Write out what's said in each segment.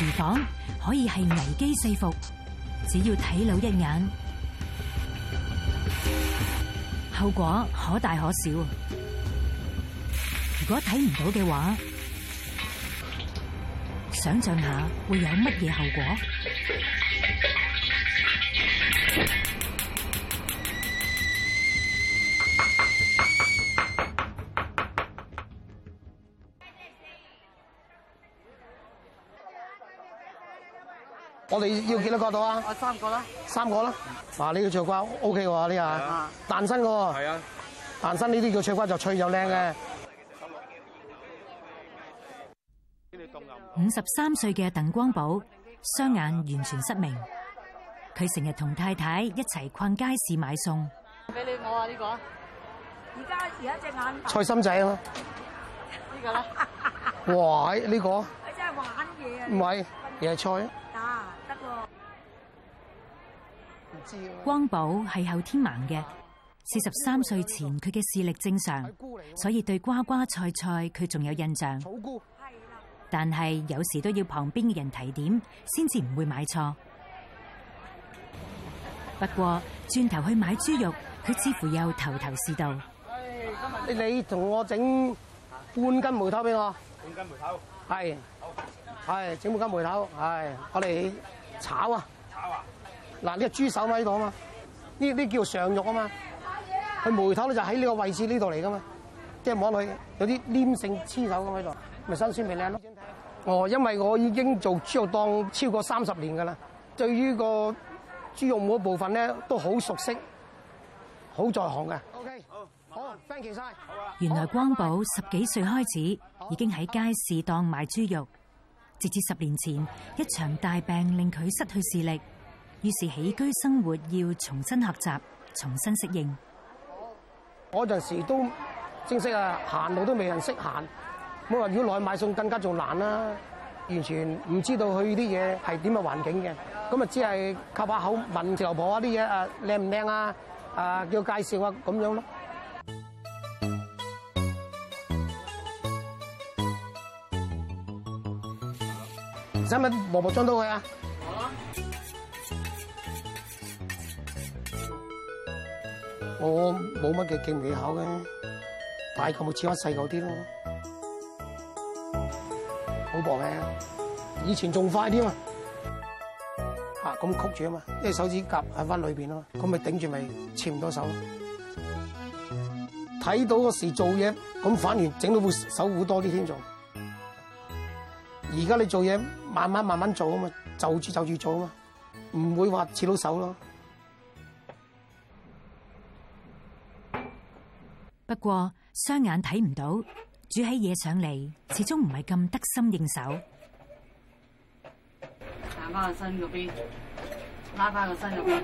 廚房可以係危機四伏，只要睇到一眼，後果可大可小。如果睇唔到嘅話，想象下會有乜嘢後果？你要幾多個度啊？我三個啦。三個啦。嗱，呢個脆瓜 OK 喎，呢個彈身喎。係啊。彈身呢啲叫脆瓜就脆又靚嘅。五十三歲嘅鄧光寶雙眼完全失明，佢成日同太太一齊逛街市買餸。俾你我啊呢個。而家而家隻眼。菜心仔啊。呢個啦。嘩！呢個。你真係玩嘢啊！唔係，野菜。光寶係後天盲嘅，四十三歲前佢嘅視力正常，所以對瓜瓜菜菜佢仲有印象。但係有時都要旁邊嘅人提點，先至唔會買錯。不過轉頭去買豬肉，佢似乎又頭頭是道。你同我整半斤梅頭俾我。半斤梅頭。係，係整半斤梅頭，係我嚟炒啊。嗱，呢個豬手咪呢度啊嘛，呢啲叫上肉啊嘛，佢梅頭咧就喺呢個位置呢度嚟噶嘛，即係摸落去有啲黏性、黐手咁喺度，咪新鮮咪靚咯。哦，因為我已經做豬肉檔超過三十年㗎啦，對於個豬肉每一部分咧都好熟悉，好在行嘅。OK，好，thank you 晒。原來光寶十幾歲開始已經喺街市檔賣豬肉，直至十年前一場大病令佢失去視力。於是起居生活要重新學習，重新適應。我嗰陣時都正式啊，行路都未人識行，咁話如果去買餸更加仲難啦，完全唔知道佢啲嘢係點嘅環境嘅，咁啊只係靠把口問老婆啲嘢啊靚唔靚啊，啊叫介紹啊咁樣咯。使唔使磨磨裝到佢啊？好啊。我冇乜嘅技唔技巧嘅，大嚿冇切翻細嚿啲咯，好薄皮啊！以前仲快啲嘛，啊咁曲住啊嘛，因為手指甲喺翻裏邊啊嘛，咁咪頂住咪切唔到手咯。睇到嗰時做嘢，咁反而整到會手虎多啲添仲。而家你做嘢慢慢慢慢做啊嘛，就住就住做啊嘛，唔會話切到手咯。不過雙眼睇唔到，煮起嘢上嚟始終唔係咁得心應手。拉翻個身，拉翻個身嗰邊。邊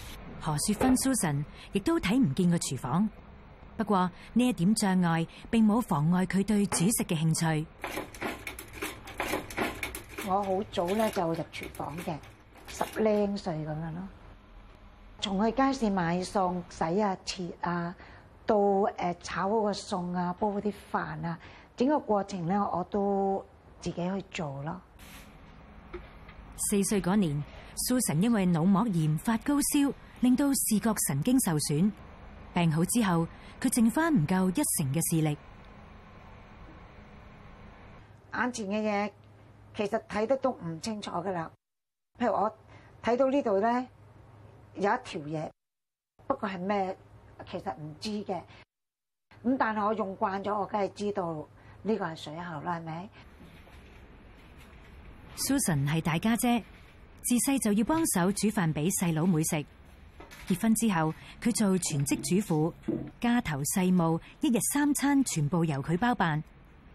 何雪芬 Susan 亦都睇唔見個廚房。不過呢一點障礙，並冇妨礙佢對煮食嘅興趣。我好早咧就入廚房嘅，十零歲咁樣咯。從去街市買餸、洗啊、切啊，到誒炒嗰個餸啊、煲嗰啲飯啊，整個過程咧我都自己去做咯。四歲嗰年，Susan 因為腦膜炎發高燒，令到視覺神經受損。病好之後，佢剩翻唔夠一成嘅視力，眼前嘅嘢，其實睇得都唔清楚噶啦。譬如，我睇到呢度咧有一條嘢，不過係咩？其實唔知嘅。咁但係我用慣咗，我梗係知道呢個係水喉啦，係咪？Susan 係大家姐，自細就要幫手煮飯俾細佬妹食。結婚之後，佢做全職主婦，家頭細務一日三餐全部由佢包辦，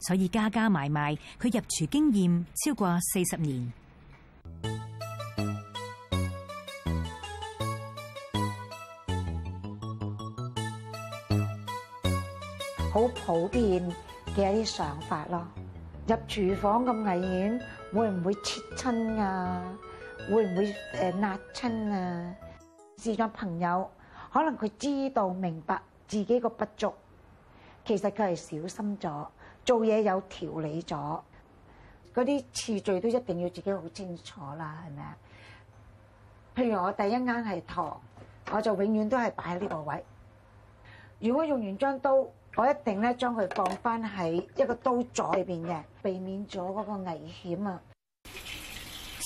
所以加加埋埋佢入廚經驗超過四十年。好普遍嘅一啲想法咯，入廚房咁危險，會唔會切親啊？會唔會誒辣親啊？呃是咗朋友，可能佢知道明白自己嘅不足，其實佢係小心咗，做嘢有條理咗，嗰啲次序都一定要自己好清楚啦，係咪啊？譬如我第一間係托，我就永遠都係擺喺呢個位。如果用完張刀，我一定咧將佢放翻喺一個刀座裏邊嘅，避免咗嗰個危險啊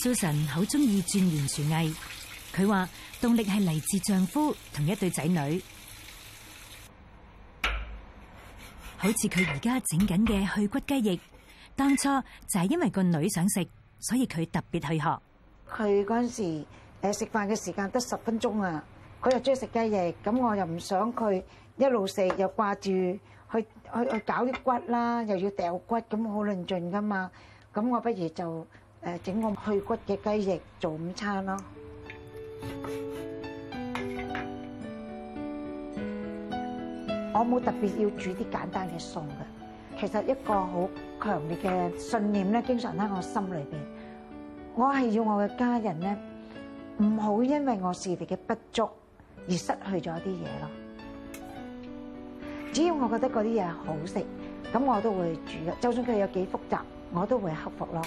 ！Susan 好中意鑽研廚藝。佢話動力係嚟自丈夫同一對仔女，好似佢而家整緊嘅去骨雞翼，當初就係因為個女想食，所以佢特別去學。佢嗰陣時食飯嘅時間得十分鐘啊！佢又中意食雞翼，咁我又唔想佢一路食又掛住去去去搞啲骨啦，又要掉骨咁好論盡㗎嘛。咁我不如就誒整個去骨嘅雞翼做午餐咯。我冇特別要煮啲簡單嘅餸㗎，其實一個好強烈嘅信念咧，經常喺我心裏邊。我係要我嘅家人咧，唔好因為我視力嘅不足而失去咗啲嘢咯。只要我覺得嗰啲嘢好食，咁我都會煮㗎。就算佢有幾複雜，我都會克服咯。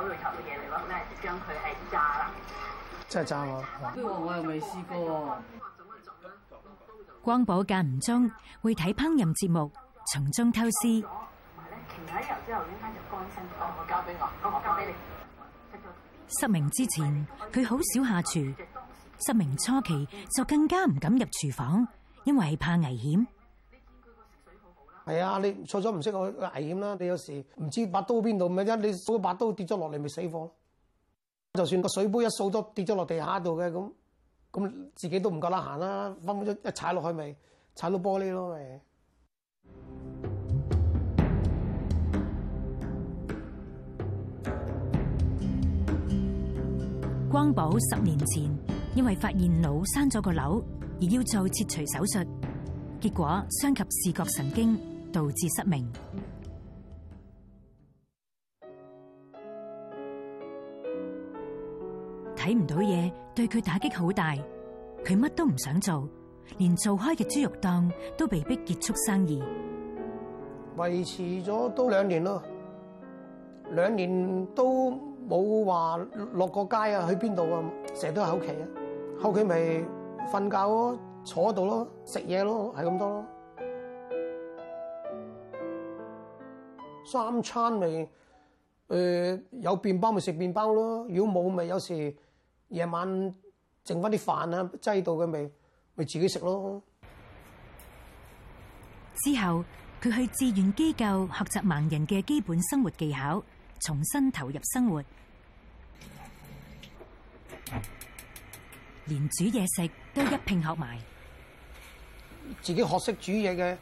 手裏頭嘅嘢嚟咯，咩將佢係炸啦？真係炸啊！不過我又未試過。光寶間唔中會睇烹飪節目，從中偷師。失明之前，佢好少下廚。失明初期就更加唔敢入廚房，因為怕危險。係啊，你錯咗唔識去危險啦。你有時唔知把刀邊度，咪一你掃把刀跌咗落嚟，咪死火咯。就算個水杯一掃咗跌咗落地下度嘅，咁咁自己都唔夠膽行啦。分分鐘一踩落去咪踩到玻璃咯咪。光寶十年前因為發現腦生咗個瘤而要做切除手術，結果傷及視覺神經。導致失明，睇唔到嘢，對佢打擊好大。佢乜都唔想做，連做開嘅豬肉檔都被逼結束生意。維持咗都兩年咯，兩年都冇話落過街啊，去邊度啊，成日都喺屋企啊，喺屋企咪瞓覺咯，坐喺度咯，食嘢咯，係咁多咯。三餐咪誒，有麪包咪食麪包咯，如果冇咪有時夜晚剩翻啲飯啊，擠到嘅咪咪自己食咯。之後佢去志願機構學習盲人嘅基本生活技巧，重新投入生活，連煮嘢食都一拼學埋，自己學識煮嘢嘅，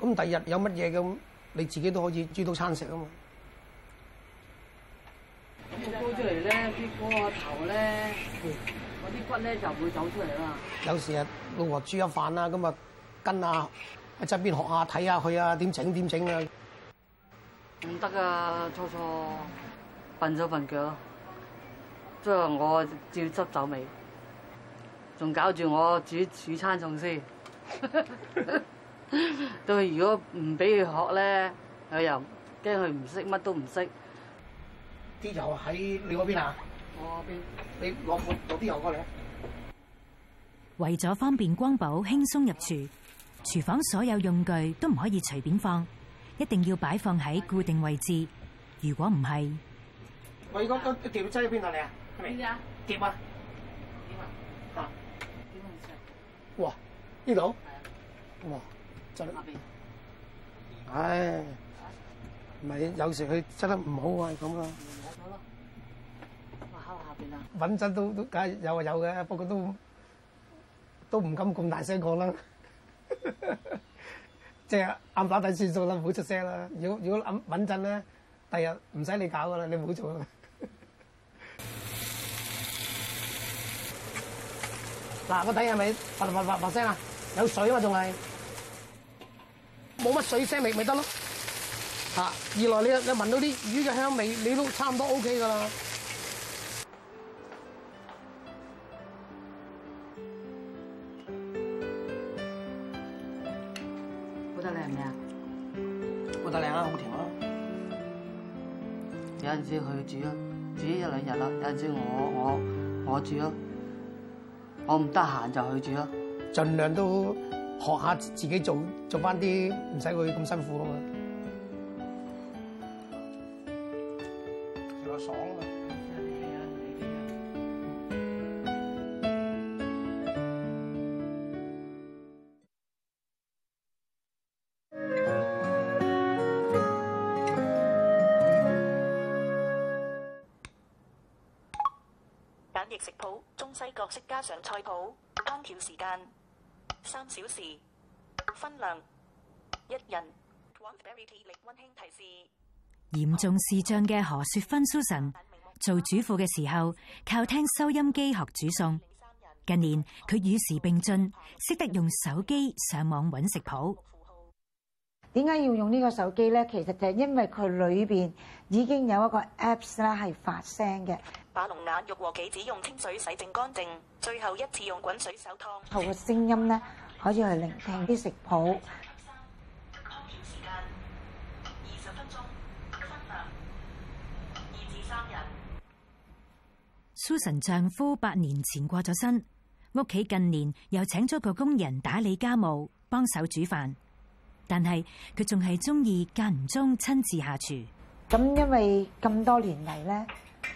咁第日有乜嘢咁？你自己都可以煮到餐食啊嘛！我煲出嚟咧，啲鍋頭咧，啲骨咧就會走出嚟啦。有時啊，老婆煮一飯啦，咁啊跟啊喺側邊學下睇下佢啊點整點整啊！唔得啊，錯錯笨手笨腳咯，即係我照執走未，仲搞住我煮煮餐餸先。 到 如果唔俾佢學咧，佢又驚佢唔識，乜都唔識。啲油喺你嗰邊啊？我嗰邊？你攞啲油過嚟。為咗方便光寶輕鬆入廚，廚房所有用具都唔可以隨便放，一定要擺放喺固定位置。如果唔係，我而家都掉咗喺邊度嚟啊？咩啊？碟啊，啊，啊，啊，啊，啊，啊，啊，啊？哇！呢度？哇！就，唉，唔係有時佢執得唔好啊，咁啊，穩陣都都梗係有啊，有嘅，不過都都唔敢咁大聲講啦，即係暗打底算數啦，唔好出聲啦。如果如果穩穩陣咧，第日唔使你搞噶啦，你唔好做啦。嗱，個底係咪發發發發聲啊？有水啊嘛，仲係。冇乜水腥味，咪得咯。嚇！二來你你聞到啲魚嘅香味，你都差唔多 OK 㗎喇。好得靚咩？好大靚啊，好甜啊！有陣時去煮咯，煮一兩日咯。有陣時我我我煮咯，我唔得閒就去煮咯，盡量都。學下自己做做翻啲唔使佢咁辛苦啊嘛，又爽啊嘛！簡易食譜，中西各式加上菜譜，烹調時間。三小時分量一人。溫馨提示：嚴重視障嘅何雪芬 Susan 做主婦嘅時候，靠聽收音機學煮餸。近年佢與時並進，識得用手機上網搵食譜。點解要用呢個手機咧？其實就係因為佢裏邊已經有一個 apps 啦，係發聲嘅。把龍眼肉和杞子用清水洗淨乾淨，最後一次用滾水手燙。後嘅聲音咧？可以去聆聽啲食譜。Susan 丈夫八年前過咗身，屋企近年又請咗個工人打理家務，幫手煮飯。但係佢仲係鍾意間唔中親自下廚。咁因為咁多年嚟咧，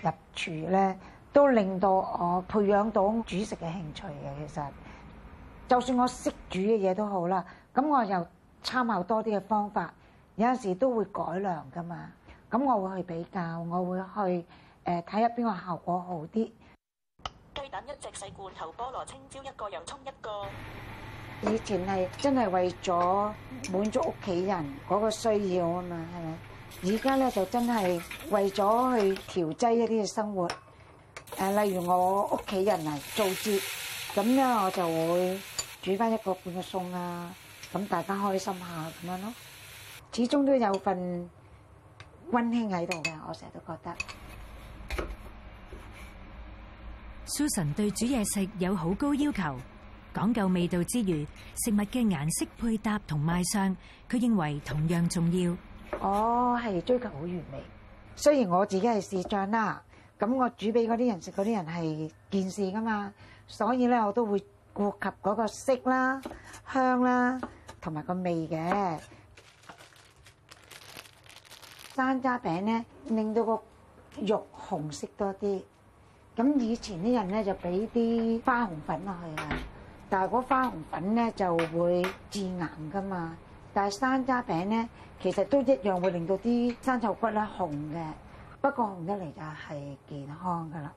入廚咧都令到我培養到煮食嘅興趣嘅，其實。就算我識煮嘅嘢都好啦，咁我又參考多啲嘅方法，有陣時都會改良噶嘛。咁我會去比較，我會去誒睇下邊個效果好啲。雞蛋一隻細罐頭，菠蘿青椒一個，洋葱一個。以前係真係為咗滿足屋企人嗰個需要啊嘛，係咪？而家咧就真係為咗去調劑一啲嘅生活。誒，例如我屋企人嚟做節，咁咧我就會。煮翻一個半個餸啊！咁大家開心下咁樣咯，始終都有份溫馨喺度嘅。我成日都覺得 Susan 對煮嘢食有好高要求，講究味道之餘，食物嘅顏色配搭同賣相，佢認為同樣重要。我係追求好完美。雖然我自己係視障啦，咁我煮俾嗰啲人食，嗰啲人係健視㗎嘛，所以咧我都會。顧及嗰個色啦、香啦，同埋個味嘅山楂餅咧，令到個肉紅色多啲。咁以前啲人咧就俾啲花紅粉落去啊，但係嗰花紅粉咧就會致癌噶嘛。但係山楂餅咧，其實都一樣會令到啲生臭骨咧紅嘅，不過紅得嚟就係健康噶啦。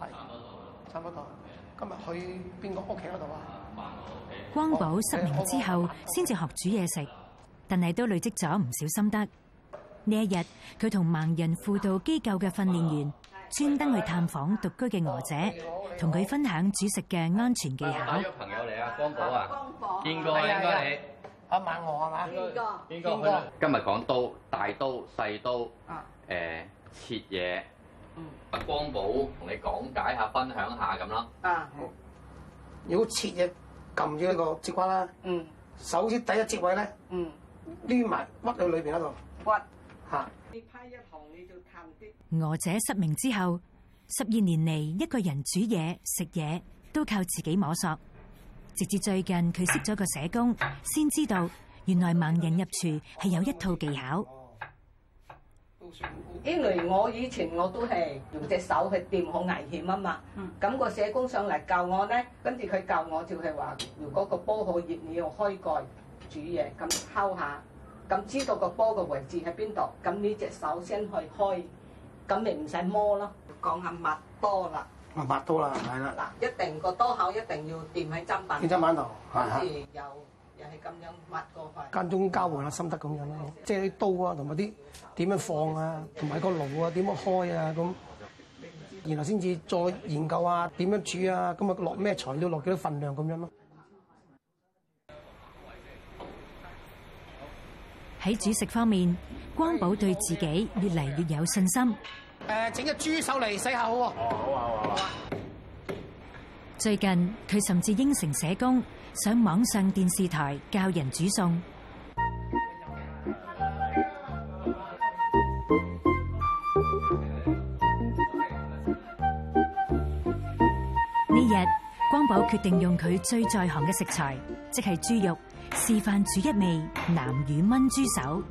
好啦，係，差唔多，差唔多。今日去邊個屋企嗰度啊？盲人。光寶失明之後，先至學煮嘢食，食但係都累積咗唔少心得。呢一日，佢同盲人輔導機構嘅訓練員專登去探訪獨居嘅娥姐，同佢分享煮食嘅安全技巧。有朋友嚟啊？光寶啊？光寶，應該應該你阿孟我啊嘛？應該應該。今日講刀，大刀、細刀，誒、呃，切嘢。嗯，光寶同你講解下、分享下咁啦。啊，好、嗯。如果切嘅，撳住呢個節骨啦。嗯。首先第一節位咧。嗯。攣埋屈到裏邊嗰度。屈、嗯。吓。你批一堂你就彈啲。娥姐失明之後，十二年嚟一個人煮嘢食嘢都靠自己摸索，直至最近佢識咗個社工、嗯，先知道原來盲人入廚係有一套技巧。嗯嗯。因為我以前我都係用隻手去掂，好危險啊嘛。咁、嗯、個社工上嚟教我咧，跟住佢教我就係話，如果個煲好熱，你要開蓋煮嘢，咁敲下，咁知道個煲嘅位置喺邊度，咁呢隻手先去開，咁你唔使摸咯。講下抹刀啦，啊抹刀啦，係啦。嗱，一定個刀口一定要掂喺砧板，喺砧板度，係啊。間中交換下心得咁樣咯，即係啲刀啊，同埋啲點樣放啊，同埋個爐啊，點樣開啊咁，然後先至再研究啊點樣煮啊，咁啊落咩材料，落幾多份量咁樣咯。喺煮食方面，光寶對自己越嚟越有信心。誒，整隻豬手嚟洗下好喎。好啊，好啊。最近佢甚至應承社工。上網上電視台教人煮餸。呢日，光寶決定用佢最在行嘅食材，即係豬肉，示範煮一味南乳炆豬手。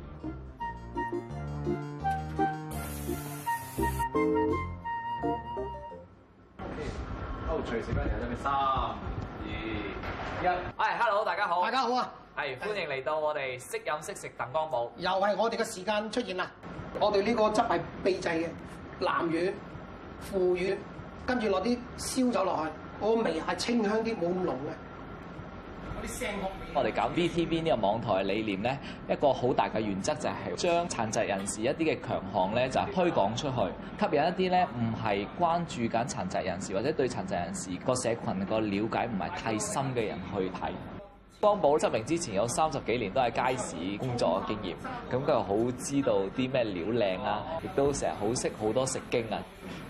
大家好，大家好啊！係、嗯、歡迎嚟到我哋識飲識食鄧光寶，又係我哋嘅時間出現啦。我哋呢個汁係秘製嘅南乳腐乳，跟住落啲燒酒落去，個味係清香啲，冇咁濃嘅。我哋搞 V T V 呢個網台嘅理念咧，一個好大嘅原則就係將殘疾人士一啲嘅強項咧，就係推廣出去，吸引一啲咧唔係關注緊殘疾人士或者對殘疾人士個社群個了解唔係太深嘅人去睇。光寶失明之前有三十幾年都喺街市工作嘅經驗，咁佢又好知道啲咩料靚啊，亦都成日好識好多食經啊。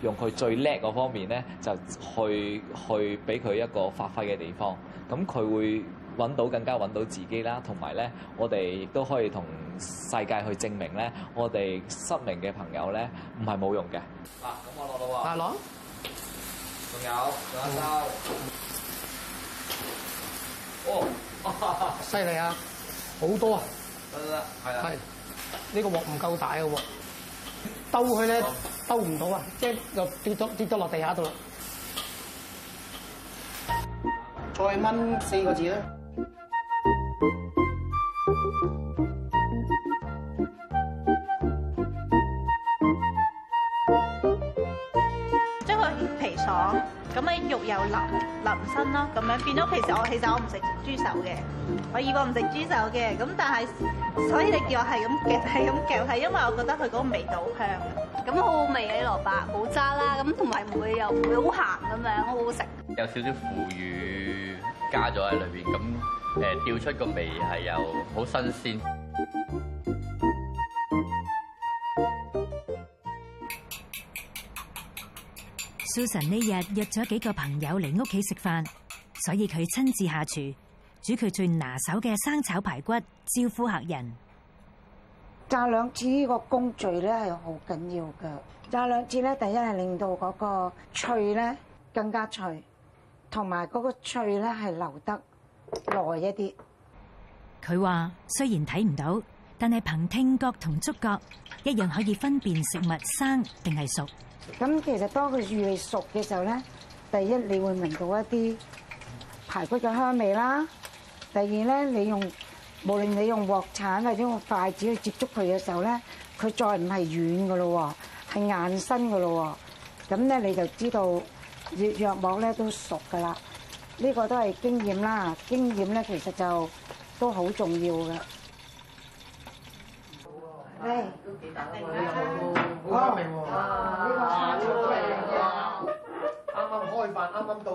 用佢最叻嗰方面咧，就去去俾佢一個發揮嘅地方。咁佢會揾到更加揾到自己啦，同埋咧，我哋亦都可以同世界去證明咧，我哋失明嘅朋友咧唔係冇用嘅。嗱，咁我落啦喎。啊，落。仲有，仲有。哦、oh。犀 利啊！好多啊，係啊，係呢個鑊唔夠大嘅喎，兜佢咧兜唔到啊，是這個哦、即係就跌咗跌咗落地下度啦。再燜四個字啦。肉又淋淋身咯，咁樣變咗。其實我其實我唔食豬手嘅，我以往唔食豬手嘅。咁但係，所以你叫我係咁夾係咁夾，係因為我覺得佢嗰味道好香，咁好好味嘅啲蘿蔔，好渣啦，咁同埋唔會又唔會好鹹咁樣，好好食。有少少腐乳加咗喺裏邊，咁誒調出個味係又好新鮮。Susan 呢日約咗幾個朋友嚟屋企食飯，所以佢親自下廚，煮佢最拿手嘅生炒排骨招呼客人。炸兩次呢個工序咧係好緊要嘅，炸兩次咧第一係令到嗰個脆咧更加脆，同埋嗰個脆咧係留得耐一啲。佢話雖然睇唔到，但係憑聽覺同觸覺一樣可以分辨食物生定係熟。咁其實當佢越嚟熟嘅時候咧，第一你會聞到一啲排骨嘅香味啦；第二咧，你用無論你用鑊鏟或者用筷子去接觸佢嘅時候咧，佢再唔係軟嘅咯喎，係硬身嘅咯喎。咁咧你就知道熱藥膜咧都熟㗎啦。呢個都係經驗啦，經驗咧其實就都好重要嘅。啱明喎，啱啱開飯，啱啱到，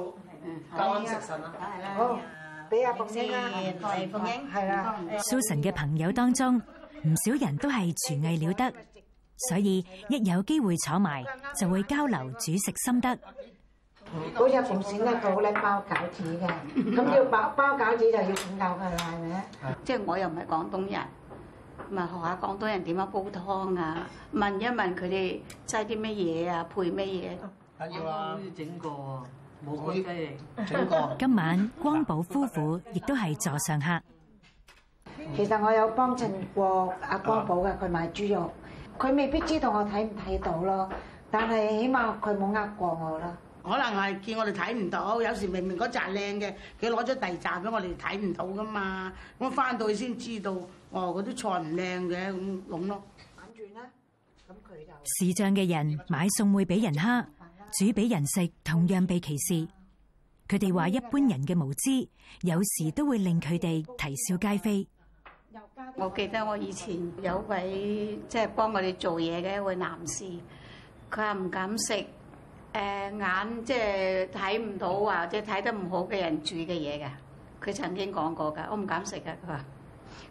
啱啱食神啊！好，俾阿鳳英啊鳳英。係啦。蘇神嘅朋友當中，唔少人都係廚藝了得，所以一有機會坐埋就會交流煮食心得。嗰隻鳳咧，佢好叻包餃子嘅，咁要包包餃子就要請教佢啦？係咪？即係我又唔係廣東人。咪學下廣東人點樣煲湯啊！問一問佢哋擠啲咩嘢啊，配咩嘢？阿耀啊，整過，冇整過。今晚光寶夫婦亦都係座上客。嗯。其實我有幫襯過阿光寶嘅，佢買豬肉，佢未必知道我睇唔睇到咯。但係起碼佢冇呃過我咯。可能係見我哋睇唔到，有時明明嗰紮靚嘅，佢攞咗第二紮俾我哋，睇唔到噶嘛。咁翻到去先知道。哦，嗰啲菜唔靚嘅咁，攏咯反轉啦。咁佢就視障嘅人買餸會俾人蝦，煮俾人食同樣被歧視。佢哋話一般人嘅無知，有時都會令佢哋啼笑皆非。我記得我以前有位即係、就是、幫我哋做嘢嘅一位男士，佢話唔敢食誒、呃、眼即係睇唔到或者睇得唔好嘅人煮嘅嘢㗎。佢曾經講過㗎，我唔敢食㗎。佢話。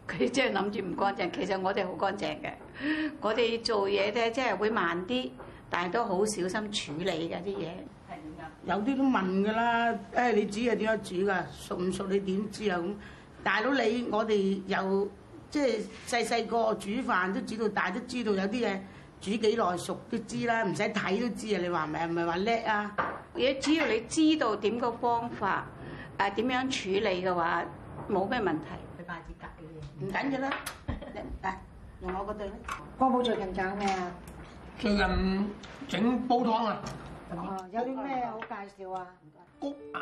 佢即係諗住唔乾淨，其實我哋好乾淨嘅。我哋做嘢咧，即係會慢啲，但係都好小心處理嘅啲嘢。係有啲都問㗎啦，誒、哎、你煮係點樣煮㗎？熟唔熟你點知啊？咁大佬你我哋又即係細細個煮飯都煮到大，都知道，都知道有啲嘢煮幾耐熟都知啦，唔使睇都知啊！你話係咪唔係話叻啊？嘢只要你知道點個方法，誒、啊、點樣處理嘅話，冇咩問題。唔緊要啦，嚟，嚟，用我嗰對啦。光寶最近搞咩啊？最近整煲湯啊、哦！有啲咩好介紹啊？谷啊，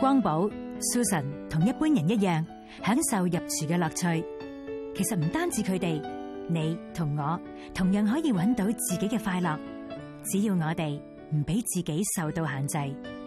光寶 Susan 同一般人一樣，享受入廚嘅樂趣。其實唔單止佢哋，你同我同樣可以搵到自己嘅快樂。只要我哋唔俾自己受到限制。